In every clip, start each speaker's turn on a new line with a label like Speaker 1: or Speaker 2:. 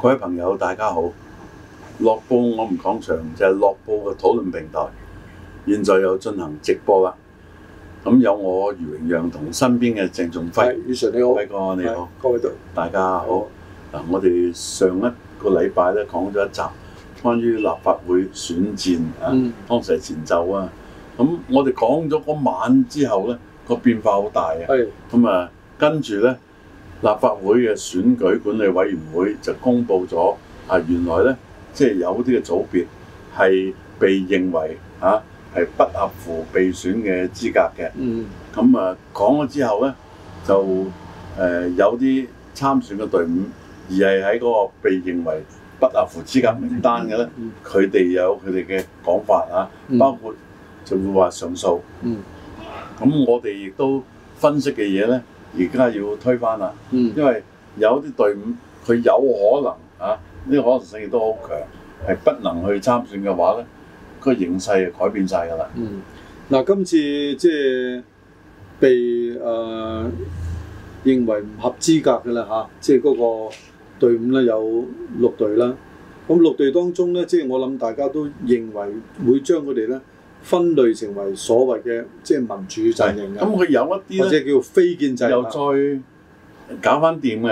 Speaker 1: 各位朋友，大家好！落布我唔講長，就係落布嘅討論平台，現在又進行直播啦。咁、嗯、有我余榮陽同身邊嘅鄭仲輝，余 s 你好，輝哥你好，各位是大家好。嗱是、啊，我哋上一個禮拜咧講咗一集關於立法會選戰啊，嗯、當時係前奏啊。咁、啊、我哋講咗嗰晚之後咧，個變化好大啊。係咁是啊，跟住咧。立法會嘅選舉管理委員會就公布咗啊，原來呢，即、就、係、是、有啲嘅組別係被認為嚇係、啊、不合乎被選嘅資格嘅。嗯。咁啊講咗之後呢，就誒、呃、有啲參選嘅隊伍而係喺嗰個被認為不合乎資格名單嘅呢，佢哋、嗯、有佢哋嘅講法啊，包括就會話上訴。嗯。咁我哋亦都分析嘅嘢呢。而家要推翻啦，嗯、因為有啲隊伍佢有可能呢個、啊、可能性亦都好強，係不能去參選嘅話咧，個形勢改變晒噶啦。嗯，嗱，今次
Speaker 2: 即係被誒認為唔合資格嘅啦吓，即係嗰個隊伍咧有六隊啦，咁六隊當中咧，即係我諗大家都認為會將佢哋咧。分類成為所謂嘅，
Speaker 1: 即係民主陣營，咁佢有一啲咧，或者叫非建制嘅，又再搞翻掂嘅。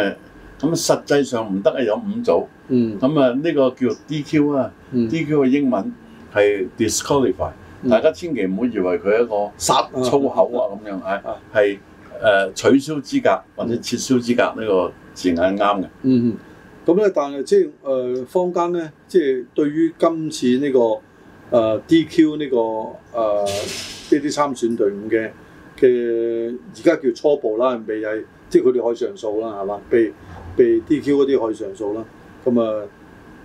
Speaker 1: 咁、嗯、實際上唔得嘅有五組，咁啊呢個叫 DQ 啊、嗯、，DQ 嘅英文係 disqualify，、嗯、大家千祈唔好以為佢一個殺粗口啊咁樣啊，係誒樣、啊呃、取消資格或者撤銷資格呢個字眼啱嘅、嗯。嗯，
Speaker 2: 咁咧但係即係誒坊間咧，即係對於今次呢、呢個。誒 DQ 呢個誒呢啲參選隊伍嘅嘅，而家叫初步啦，未係即係佢哋可以上訴啦，係嘛？被被 DQ 嗰啲可以上訴啦。咁啊，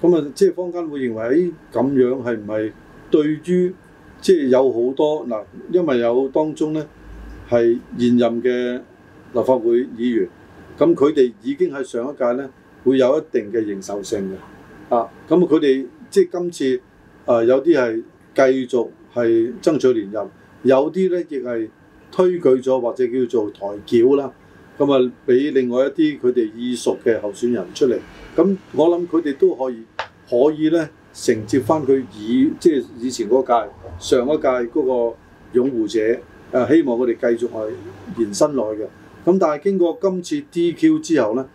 Speaker 2: 咁啊，即係坊間會認為喺哎、咁樣係唔係對於即係有好多嗱，因為有當中咧係現任嘅立法會議員，咁佢哋已經喺上一屆咧會有一定嘅認受性嘅。啊，咁佢哋即係今次。誒、呃、有啲係繼續係爭取連任，有啲呢亦係推舉咗或者叫做抬轎啦。咁、嗯、啊，俾另外一啲佢哋意屬嘅候選人出嚟。咁、嗯、我諗佢哋都可以可以呢承接翻佢以即係以前嗰屆上一屆嗰個擁護者、呃。希望佢哋繼續去延伸落去嘅。咁、嗯、但係經過今次 DQ 之後呢，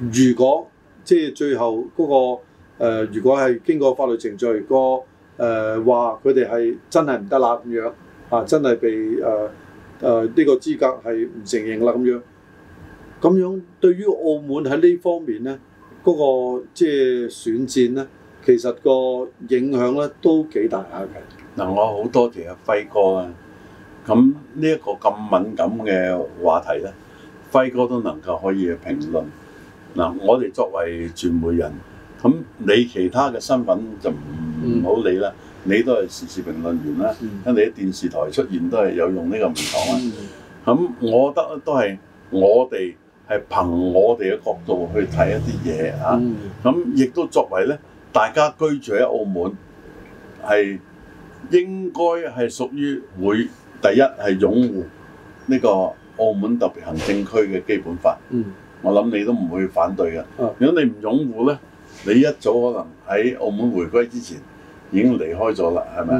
Speaker 2: 如果即係最後嗰、那個、呃、如果係經過法律程序、那個。誒話佢哋係真係唔得啦咁樣，啊，真係被誒誒呢個資格係唔承認啦咁樣。咁樣對於澳門喺呢方面呢，嗰個即係選戰呢，其實個
Speaker 1: 影響呢都幾大下嘅。嗱，我好多謝阿輝哥啊。咁呢一個咁敏感嘅話題呢，輝哥都能夠可以評論。嗱，我哋作為傳媒人，咁你其他嘅身份就唔。唔好理啦，你都係時事，事評論員啦，因、嗯、你喺電視台出現都係有用呢個名堂啊。咁、嗯、我覺得都係我哋係憑我哋嘅角度去睇一啲嘢吓。咁亦都作為呢，大家居住喺澳門係應該係屬於會第一係擁護呢個澳門特別行政區嘅基本法。嗯、我諗你都唔會反對嘅。啊、如果你唔擁護呢，你一早可能喺澳門回歸之前。已經離開咗啦，係咪啊？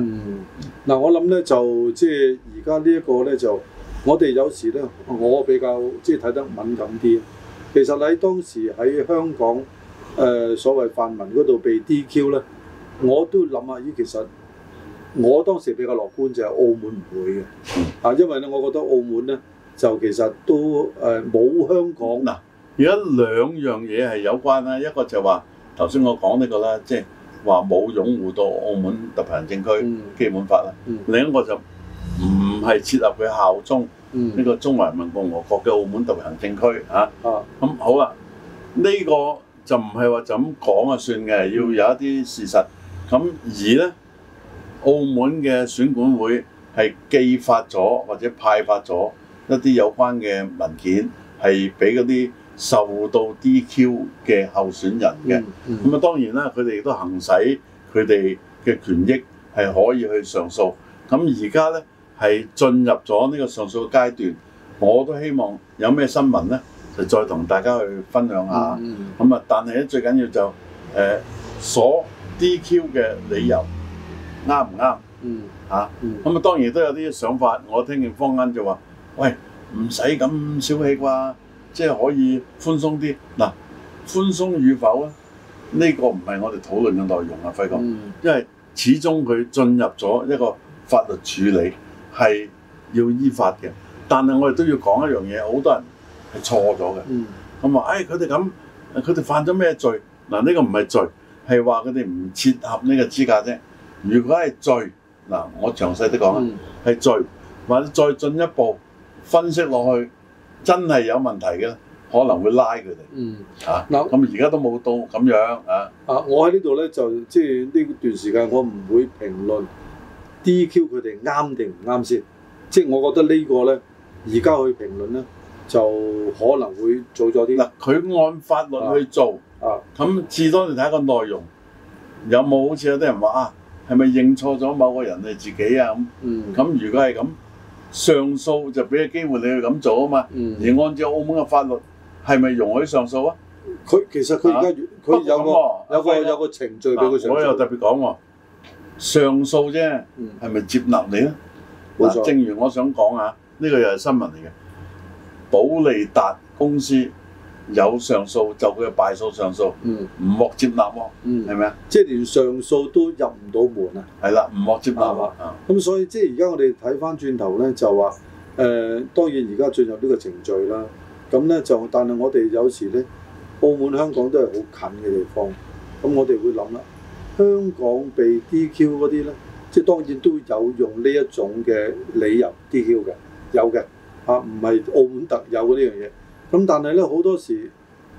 Speaker 1: 嗱、嗯，我諗咧就即係而家呢
Speaker 2: 一個咧就，我哋有時咧，我比較即係睇得敏感啲。嗯、其實喺當時喺香港誒、呃、所謂泛民嗰度被 DQ 咧，我都諗下咦，其實我當時比較樂觀就係澳門唔會嘅，
Speaker 1: 啊、嗯，因為咧我覺得澳門咧就其實都誒冇、呃、香港嗱，而家兩樣嘢係有關啦，一個就話頭先我講呢、呢個啦，即係。話冇擁護到澳門特別行政區基本法啦，嗯嗯、另一個就唔係設立佢效忠呢、嗯、個中華人民共和國嘅澳門特別行政區啊，咁、啊、好啦、啊，呢、這個就唔係話就咁講啊算嘅，要有一啲事實。咁、嗯、而呢，澳門嘅選管會係寄發咗或者派發咗一啲有關嘅文件，係俾嗰啲。受到 DQ 嘅候選人嘅，咁啊、嗯嗯、當然啦，佢哋亦都行使佢哋嘅權益，係可以去上訴。咁而家呢，係進入咗呢個上訴嘅階段，我都希望有咩新聞呢，就再同大家去分享下。咁啊，但係咧最緊要就誒鎖 DQ 嘅理由啱唔啱？嚇，咁啊當然都有啲想法。我聽見方恩就話，喂，唔使咁小氣啩。即係可以寬鬆啲嗱，寬鬆與否啊？呢個唔係我哋討論嘅內容啊，輝哥，因為始終佢進入咗一個法律處理係要依法嘅。但係我哋都要講一樣嘢，好多人係錯咗嘅。咁話誒，佢哋咁，佢哋犯咗咩罪？嗱，呢個唔係罪，係話佢哋唔切合呢個資格啫。如果係罪，嗱，我詳細啲講啊，係、嗯、罪，或者再進一步分析落去。真係有問題嘅，可能會拉佢哋。嗯，嚇咁而家都冇到咁樣啊。
Speaker 2: 啊，啊我喺呢度咧就即係呢段時間我唔會評論 DQ 佢哋啱定唔啱先。即係我覺得呢個呢個咧，而家去評論咧，就可能會早咗啲。嗱、啊，佢
Speaker 1: 按法律去做，啊，咁、啊、至、嗯、多你睇個內容有冇好似有啲人話啊，係咪認錯咗某個人係自己啊咁？咁、嗯啊、如果係咁。上訴就俾個機會你去咁做啊嘛，嗯、而按照澳門嘅法律係咪容許上訴啊？佢其實佢而家佢有個、啊、有
Speaker 2: 個、啊、有個程序俾佢上訴、啊、我又特
Speaker 1: 別講喎，上訴啫，係咪接納你咧？冇錯，正如我想講啊，呢、呢個又係新聞嚟嘅，保利達公司。有上訴就會有敗訴上訴，唔獲、嗯、接納喎，係咪啊？嗯、吧即係連上訴都入唔到門啊！係啦，唔獲接納啊！
Speaker 2: 咁、啊啊、所以即係而家我哋睇翻轉頭咧，就話誒、呃、當然而家進入呢個程序啦。咁咧就但係我哋有時咧，澳門香港都係好近嘅地方，咁我哋會諗啦、啊，香港被 DQ 嗰啲咧，即係當然都有用呢一種嘅理由 DQ 嘅，有嘅嚇唔係澳門特有嘅呢樣嘢。咁、嗯、但係咧，好多時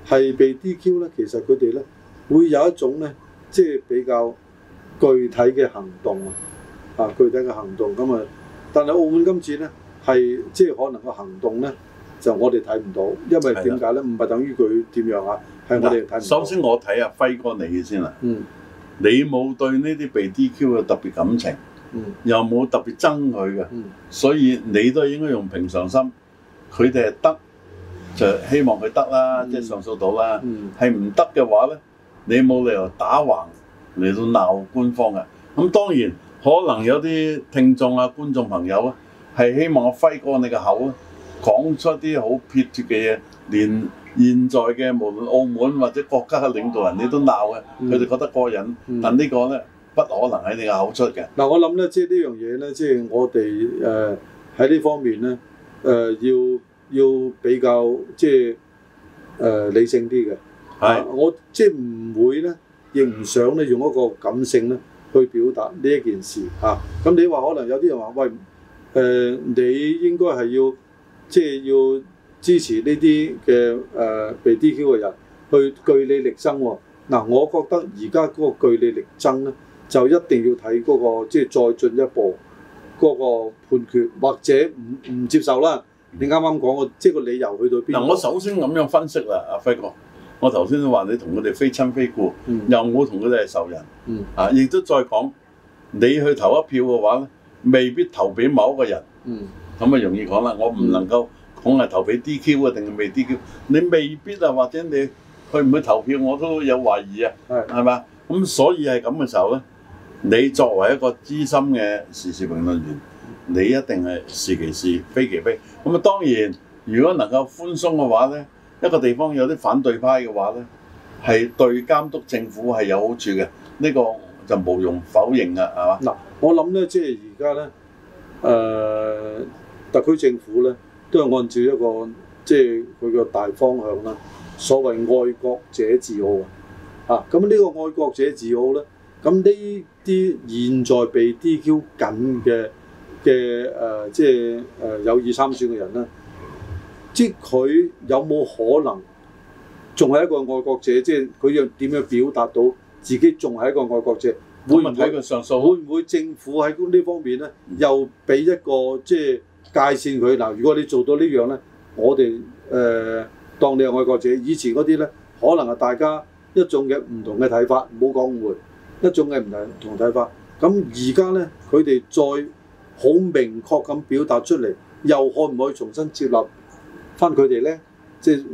Speaker 2: 係被 DQ 咧，其實佢哋咧會有一種咧，即係比較具體嘅行動啊，啊，具體嘅行動咁啊、嗯！但係澳門今次咧係即係可能個行動咧，就我哋睇唔到，因為點解咧？唔係的等於佢
Speaker 1: 點樣啊？係我哋睇唔到。首先我睇啊，輝哥你先啦。嗯。你冇對呢啲被 DQ 嘅特別感情，嗯。又冇特別憎佢嘅，嗯、所以你都應該用平常心，佢哋係得。就希望佢得啦，即係上訴到啦。係唔得嘅話呢，你冇理由打橫嚟到鬧官方嘅。咁當然可能有啲聽眾啊、觀眾朋友啊，係希望我揮過你個口啊，講出啲好撇脱嘅嘢，連現在嘅無論澳門或者國家嘅領導人、啊、你都鬧嘅，佢哋、嗯、覺得過癮。嗯、但呢個呢，不可能喺你個口出嘅。
Speaker 2: 嗱、嗯，我諗呢，即係呢樣嘢呢，即係我哋誒喺呢方面呢，誒、呃、要。要比較即係誒理性啲嘅是、啊，我即係唔會咧，亦唔想咧用一個感性咧去表達呢一件事嚇。咁、啊、你話可能有啲人話喂誒、呃，你應該係要即係、就是、要支持呢啲嘅誒被 DQ 嘅人去據理力爭喎、哦。嗱、啊，我覺得而家嗰個據理力爭咧，就一定要睇嗰、那個即係、就是、再進一步嗰個判決，或者
Speaker 1: 唔唔接受啦。你啱啱講過個即個理由去到邊？嗱，我首先咁樣分析啦，阿輝哥，我頭先都話你同佢哋非親非故，嗯、又冇同佢哋係仇人，嗯、啊，亦都再講你去投一票嘅話咧，未必投俾某一個人，嗯，咁啊容易講啦，我唔能夠講係投俾 DQ 啊定係未 DQ，你未必啊或者你去唔去投票我都有懷疑啊，係係嘛，咁所以係咁嘅時候咧，你作為一個資深嘅時事評論員。你一定係是其是，非其非。咁啊，當然，如果能夠寬鬆嘅話呢，一個地方有啲反對派嘅話呢，係對監督政府係有好處嘅，呢、呢個就無容否認啊，係嘛？嗱，我諗呢，即係而家呢、呃，
Speaker 2: 特區政府呢，都係按照一個即係佢個大方向啦。所謂愛國者自豪啊，咁呢個愛國者自豪呢，咁呢啲現在被 DQ 緊嘅。嘅誒、呃，即係誒、呃、有意參選嘅人啦。即佢有冇可能仲係一個愛國者？即係佢又點樣表達到自己仲係一個愛國者？問，會唔會，會唔會政府喺呢方面咧，又俾一個即係界線佢嗱、呃？如果你做到這樣呢樣咧，我哋誒、呃、當你係愛國者。以前嗰啲咧，可能係大家一種嘅唔同嘅睇法，唔好講誤會，一種嘅唔同睇法。咁而家咧，佢哋再好明確咁表達出嚟，又可唔可以重新接納翻佢哋咧？即係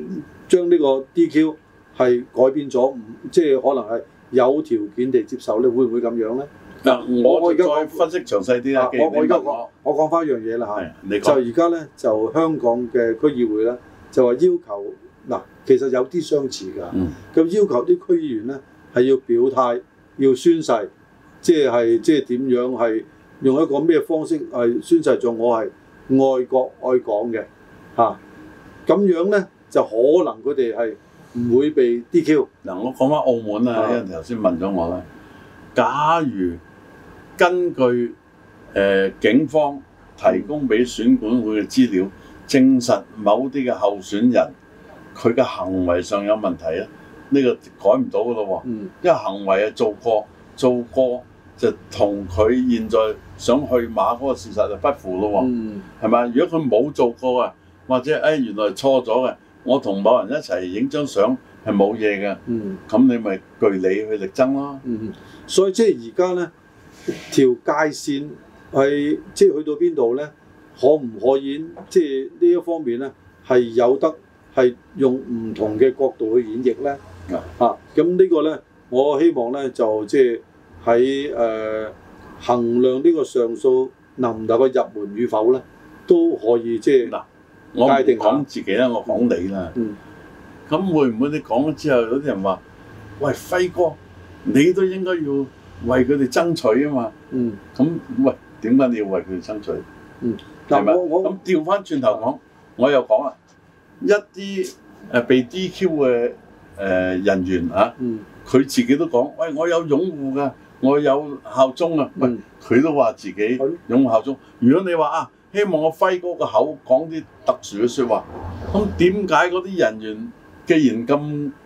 Speaker 2: 將呢個 DQ 係改變咗，即、就、係、是、可能係有條件地接受你會唔會咁樣咧？嗱、
Speaker 1: 啊，我我而家分析詳細啲啦、啊。我我而家講，
Speaker 2: 我講翻一樣嘢啦嚇。你就而家咧，就香港嘅區議會咧，就話要求嗱、啊，其實有啲相似㗎。咁、嗯、要求啲區議員咧係要表態、要宣誓，即係即係點樣係？用一個咩方式係宣誓咗我係愛國愛港嘅嚇，咁、啊、樣咧就可能佢哋係
Speaker 1: 唔會被 DQ。嗱，我講翻澳門啦，因為頭先問咗我啦。嗯、假如根據、呃、警方提供俾選管會嘅資料，證實某啲嘅候選人佢嘅行為上有問題咧，呢、呢個改唔到噶咯喎，嗯、因為行為啊做過做過。做過就同佢現在想去馬嗰個事實就不符咯喎、哦，係咪、嗯？如果佢冇做過啊，或者誒、哎、原來錯咗嘅，我同某人一齊影張相係冇嘢嘅，咁、嗯、你咪據理去力爭咯。嗯、所以即係而
Speaker 2: 家咧條界線係即係去到邊度咧，可唔可以即係呢一方面咧係有得係用唔同嘅角度去演繹咧？是的 啊，咁呢個咧我希望咧就即係。喺誒、呃、衡量呢個上訴能唔能夠入門與否咧，
Speaker 1: 都可以即係。嗱，
Speaker 2: 我唔講
Speaker 1: 自己啦，我講你啦。嗯。咁、嗯、會唔會你講咗之後，有啲人話：喂，輝哥，你都應該要為佢哋爭取啊嘛。嗯。咁喂，點解你要為佢哋爭取？嗯。嗱吧，我咁調翻轉頭講，我又講啦，一啲誒被 DQ 嘅誒人員、嗯、啊。嗯。佢自己都講：喂，我有擁護㗎，我有效忠啊！嗯、喂，佢都話自己擁護效忠。的如果你話啊，希望我揮嗰個口講啲特殊嘅説話，咁點解嗰啲人員既然咁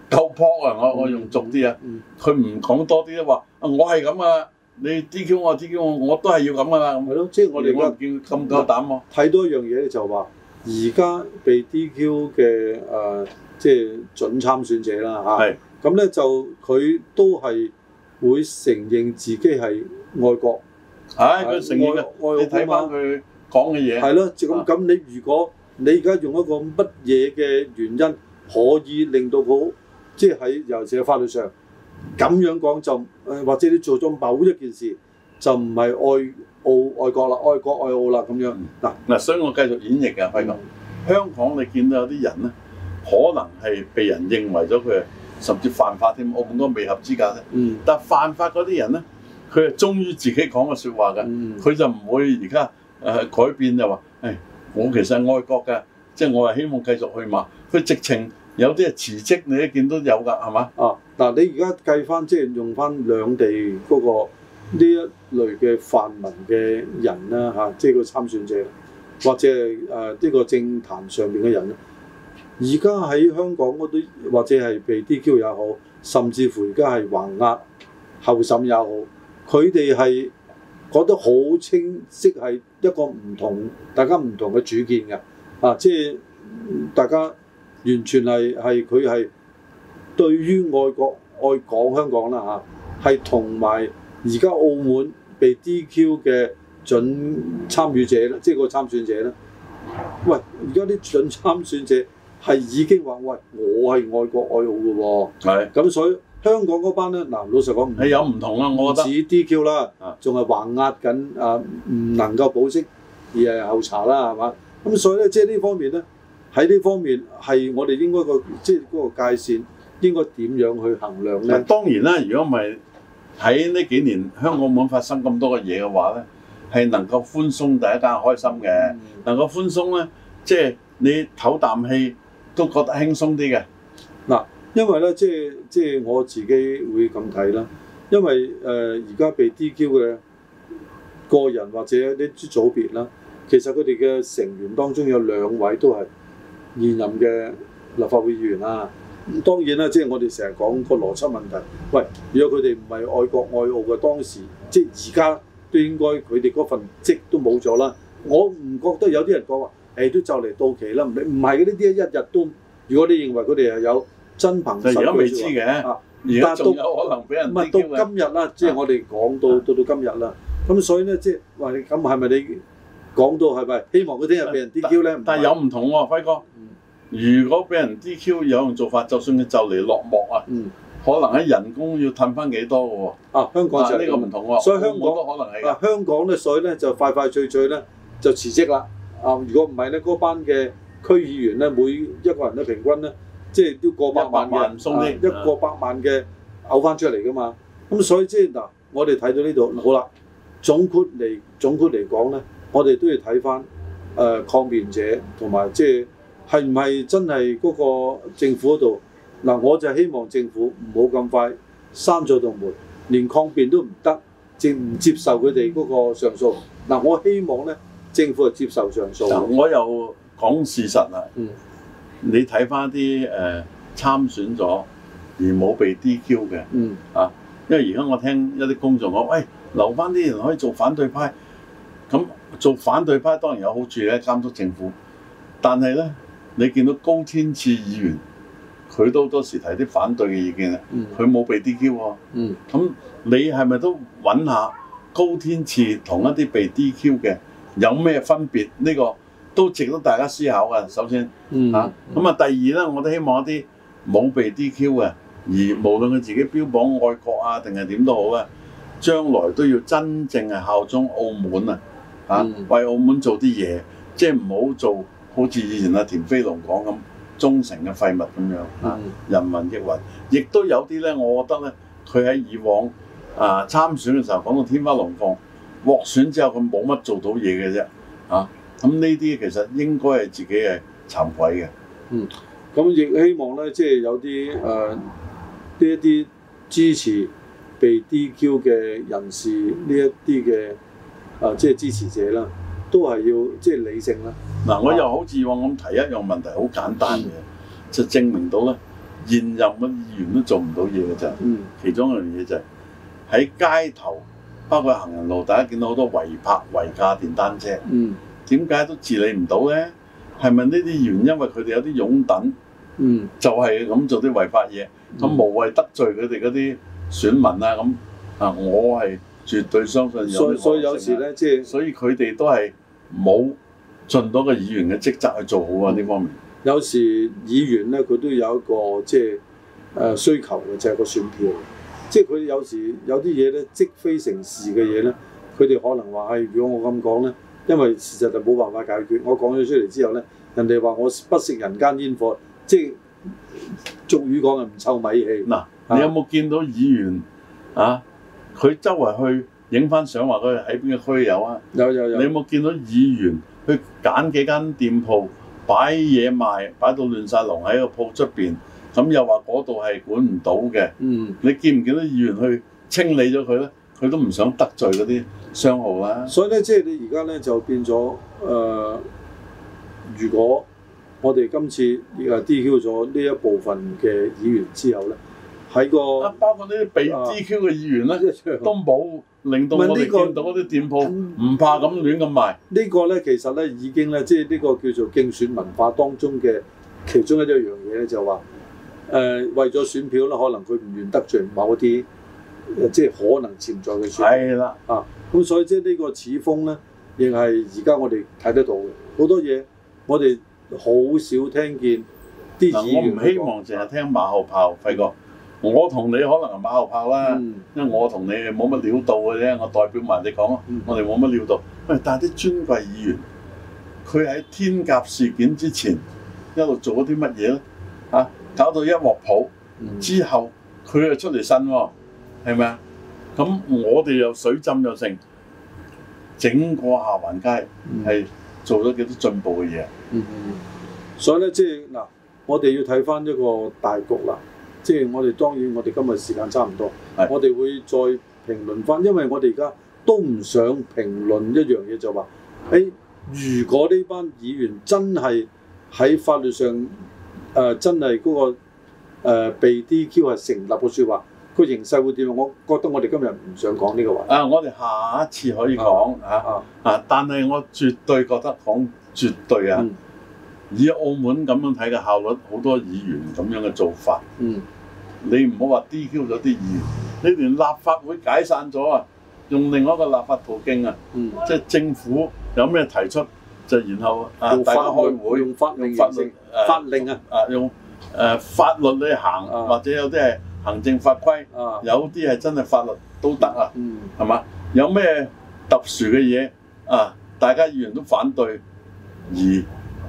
Speaker 1: 夠樸、嗯嗯、啊，我我用重啲嘢，佢唔講多啲都話啊，我係咁啊！你 DQ 我 DQ 我，我都係要咁㗎嘛，係咯。即係我哋我唔見咁夠膽喎。
Speaker 2: 睇多一樣嘢就話、是，而家被 DQ 嘅誒，即、呃、係、就是、準參選者啦嚇。啊咁咧就佢都係會承認自己係愛國，
Speaker 1: 唉，佢承認嘅。你睇翻佢
Speaker 2: 講嘅嘢。係咯，就咁。咁你如果你而家用一個乜嘢嘅原因，可以令到佢，即係喺尤其是喺法律上，咁樣講就誒，或者你做咗某一
Speaker 1: 件事，就唔係愛澳愛國啦，愛國愛澳啦咁樣。嗱嗱，所以我繼續演繹嘅輝哥，香港你見到有啲人咧，可能係被人認為咗佢。甚至犯法添，我咁多未合資格咧。嗯、但犯法嗰啲人咧，佢係忠於自己講嘅説話㗎，佢、嗯、就唔會而家誒改變就話，誒、哎、我其實愛國㗎，即係我係希望繼續去嘛。佢直情有啲係辭職，你一見都有㗎，係嘛，啊那個？啊！嗱，你而家計翻即係用翻兩地嗰個
Speaker 2: 呢一類嘅泛民嘅人啦，嚇，即係個參選者，或者係誒呢個政壇上邊嘅人。而家喺香港嗰啲，或者係被 DQ 也好，甚至乎而家係橫壓候審也好，佢哋係講得好清晰，係一個唔同大家唔同嘅主見嘅，啊，即係大家完全係係佢係對於愛國愛港香港啦吓，係同埋而家澳門被 DQ 嘅準參與者啦，即係個參選者啦。喂，而家啲準參選者。係已經話喂，我係愛國愛澳㗎喎。咁是，所以香港嗰班咧，嗱，老實講唔係有唔同啦。我覺得似 DQ 啦，仲係是橫壓緊，啊，唔、嗯、能夠保釋而係後查啦，係嘛？咁所以咧，即係呢方面咧，喺呢方面係我哋應該個即係嗰個界線
Speaker 1: 應該點樣去
Speaker 2: 衡量咧？當然啦，如果唔係
Speaker 1: 喺呢幾年香港冇發生咁多嘅嘢嘅話咧，係能夠寬鬆大家開心嘅，嗯、能夠寬鬆咧，即係你唞啖氣。都覺得輕鬆啲嘅嗱，
Speaker 2: 因為咧即係即係我自己會咁睇啦，因為誒而家被 DQ 嘅個人或者啲組別啦，其實佢哋嘅成員當中有兩位都係現任嘅立法會議員啊。咁當然啦，即係我哋成日講個邏輯問題，喂，如果佢哋唔係愛國愛澳嘅，當時即係而家都應該佢哋嗰份職都冇咗啦。我唔覺得有啲人講話。誒都就嚟到期啦，你唔係呢啲一日都。如果你認為佢哋係有真憑實據，而家未知嘅。而家都有可能俾人 DQ 嘅。今日啦，即係我哋講到到到今日啦。咁所以咧，即係話咁係咪你講到係咪希望佢聽日俾
Speaker 1: 人 DQ 咧？但係有唔同喎，輝哥。如果俾人 DQ 有樣做法，就算佢就嚟落幕啊，可能喺人工要褪翻幾多喎。啊，香港就呢個唔同喎。所以
Speaker 2: 香港都可能係。啊，香港咧，所以咧就快快脆脆咧就辭職啦。啊！如果唔係咧，嗰班嘅區議員咧，每一個人咧平均咧，即係都過百萬嘅，一個百萬嘅嘔翻出嚟噶嘛。咁所以即係嗱，我哋睇到呢度好啦，總括嚟總括嚟講咧，我哋都要睇翻誒抗辯者同埋即係係唔係真係嗰個政府嗰度嗱，我就希望政府唔好咁快閂咗道門，連抗辯都唔得，接唔接受佢哋嗰個上訴。嗱，啊，我希望咧。政府係接受上訴啊！
Speaker 1: 我又講事實啦。嗯，你睇翻啲誒參選咗而冇被 DQ 嘅，嗯啊，因為而家我聽一啲公眾講，喂，留翻啲人可以做反對派，咁做反對派當然有好處咧，監督政府。但係咧，你見到高天賜議員，佢都好多時提啲反對嘅意見啦。佢冇被 DQ 喎。嗯，咁、嗯、你係咪都揾下高天賜同一啲被 DQ 嘅？有咩分別？呢、這個都值得大家思考嘅。首先嚇，咁、嗯嗯、啊，第二呢，我都希望一啲冇被 DQ 嘅，嗯、而無論佢自己標榜愛國啊定係點都好啊，將來都要真正係效忠澳門啊，嚇、啊，嗯、為澳門做啲嘢，即係唔好做好似以前阿田飛龍講咁忠誠嘅廢物咁樣、嗯、啊，人云亦云。亦都有啲呢，我覺得呢，佢喺以往啊參選嘅時候講到天花龍鳳。獲選之後佢冇乜做到嘢嘅啫。嚇，咁呢啲其實應該係自己係慘鬼嘅。嗯，咁亦希望咧，即、就、係、是、有啲
Speaker 2: 誒呢一啲支持被 DQ 嘅人士
Speaker 1: 呢一啲嘅啊，即、就、係、是、支持者啦，都係要即係、就是、理性啦。嗱、啊，我又好似我咁提一樣問題，好簡單嘅，就證明到咧現任嘅議員都做唔到嘢嘅就，嗯、其中一樣嘢就係、是、喺街頭。包括行人路，大家見到好多違泊違架電單車，點解、嗯、都治理唔到咧？係咪呢啲原因？因為佢哋有啲擁躉，嗯、就係咁做啲違法嘢，咁、嗯、無謂得罪佢哋嗰啲選民啊？咁啊、嗯，我係絕對相信有。所以有時咧，即係所以佢哋都係冇盡到個議員嘅職責去做好啊！呢、嗯、方面有時議員咧，佢都有一個即係誒
Speaker 2: 需求嘅，就係個選票。即係佢有時有啲嘢咧，積非成是嘅嘢咧，佢哋可能話，誒，如果我咁講咧，因為事實就冇辦法解決。我講咗出嚟之後咧，人哋話我不食人間煙火，即係俗語講
Speaker 1: 嘅唔臭米氣。嗱、啊，你有冇見到議員啊？佢周圍去影翻相，話佢喺邊個區有啊？有有有。有有，你有冇見到議員去揀幾間店鋪擺嘢賣，擺到亂晒龍喺個鋪出邊？咁又話嗰度係管唔到嘅，嗯，你見唔見到議員去清理咗佢咧？佢都唔想得罪嗰啲商號啦。
Speaker 2: 所以咧，即係你而家咧就變咗誒、呃，如果我哋今次呢個啊 DQ 咗呢一部分嘅議
Speaker 1: 員之後咧，喺個包括呢啲畀 DQ 嘅議員咧、啊、都冇令到我哋見到嗰啲店鋪唔、呢個、怕咁亂咁賣。呢個呢個咧其實咧已經咧，即係
Speaker 2: 呢個叫做競選文化當中嘅其中一樣嘢咧，就話。誒、呃、為咗選票啦，可能佢唔願得罪某啲，即係可能潛在嘅選票。係啦，啊，咁所以即係呢個始風咧，亦係而家我哋睇得到嘅好多嘢，
Speaker 1: 我哋好少聽見啲議員講。嗱，我唔希望淨係聽馬後炮，輝哥。我同你可能係馬後炮啦，嗯、因為我同你冇乜料到嘅啫。我代表埋你講咯，我哋冇乜料到。喂，但係啲尊貴議員，佢喺天甲事件之前一路做咗啲乜嘢咧？嚇、啊？搞到一鑊泡、嗯、之後，佢又出嚟新喎，係咪啊？咁我哋又水浸又成整個下環街係做咗幾多進步嘅嘢？嗯嗯。嗯所以咧，即係嗱，我哋要睇翻一個大局啦。即、
Speaker 2: 就、係、是、我哋當然，我哋今日時間差唔多，是我哋會再評論翻，因為我哋而家都唔想評論一樣嘢，就話：，誒，如果呢班議員真係喺法律上誒、呃、真係嗰、那個、呃、被 DQ 係成立嘅説話，個形勢會點？我覺得我哋今日唔想講呢個話。啊，
Speaker 1: 我哋下一次可以講嚇、啊。啊，啊但係我絕對覺得講絕對啊。嗯、以澳門咁樣睇嘅效率，好多議員咁樣嘅做法。嗯。你唔好話 DQ 咗啲議員，你連立法會解散咗啊，用另外一個立法途徑啊。嗯。即係政府有咩提出？就然後啊，大家開會用法用法令法令啊啊用誒法律去行，或者有啲係行政法規，有啲係真係法律都得啊，係嘛？有咩特殊嘅嘢啊？大家議員都反對，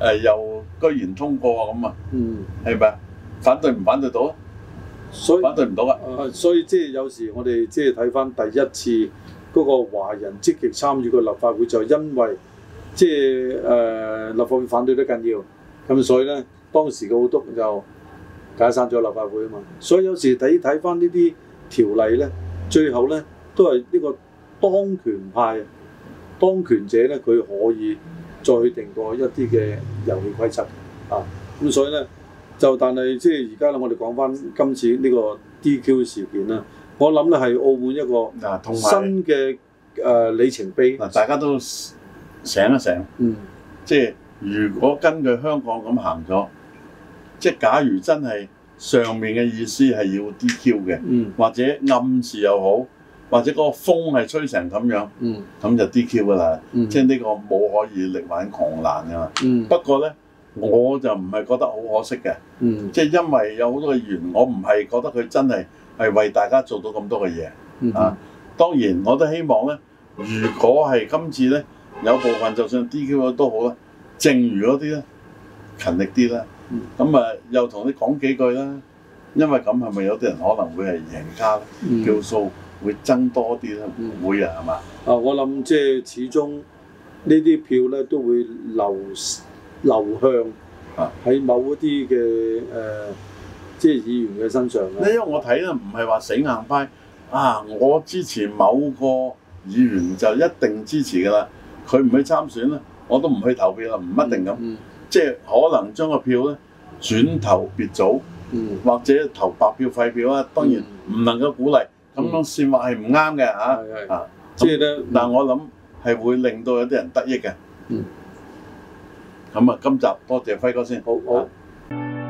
Speaker 1: 而誒又居然通過啊咁啊，嗯，係咪？反對唔反對到啊？所以反對唔到㗎。所以即係有時我哋即係睇返第一次
Speaker 2: 嗰個華人積極參與個立法會，就因為。即係誒、呃、立法會反對得緊要，咁所以咧當時嘅澳督就解散咗立法會啊嘛，所以有時睇睇翻呢啲條例咧，最後咧都係呢個當權派、當權者咧，佢可以再定過一啲嘅遊戲規則啊，咁所以咧就但係即係而家咧，我哋講翻今次呢個 DQ 事件啦，我諗咧係澳門一個新嘅
Speaker 1: 誒有、呃、里程碑，大家都。醒一醒，嗯、即係如果根據香港咁行咗，即係假如真係上面嘅意思係要 D.Q. 嘅，嗯、或者暗示又好，或者個風係吹成咁樣，咁、嗯、就 D.Q. 噶啦。嗯、即係呢個冇可以力挽狂瀾㗎嘛。嗯、不過咧，我就唔係覺得好可惜嘅，嗯、即係因為有好多嘅原因，我唔係覺得佢真係係為大家做到咁多嘅嘢、嗯、哼啊。當然我都希望咧，如果係今次咧。有部分就算 DQ 都好啦，正如嗰啲咧勤力啲啦，咁啊、嗯、又同你講幾句啦，因為咁係咪有啲人可能會係贏家，票、嗯、數會增多啲咧？會啊、嗯，係嘛？
Speaker 2: 啊，我諗即係始終呢啲票咧都會流
Speaker 1: 流向喺某一啲嘅誒，即係、啊呃就是、議員嘅身上啦。因為我睇咧唔係話死硬派啊，我支持某個議員就一定支持噶啦。佢唔去參選咧，我都唔去投票啦，唔一定咁，嗯嗯、即係可能將個票咧轉投別組，嗯、或者投白票廢票啊。當然唔能夠鼓勵，咁樣算話係唔啱嘅嚇。嗯嗯、啊，係係啊，即係咧，但我諗係會令到有啲人得益嘅。嗯，咁啊，今集多謝輝哥先。好好。好啊。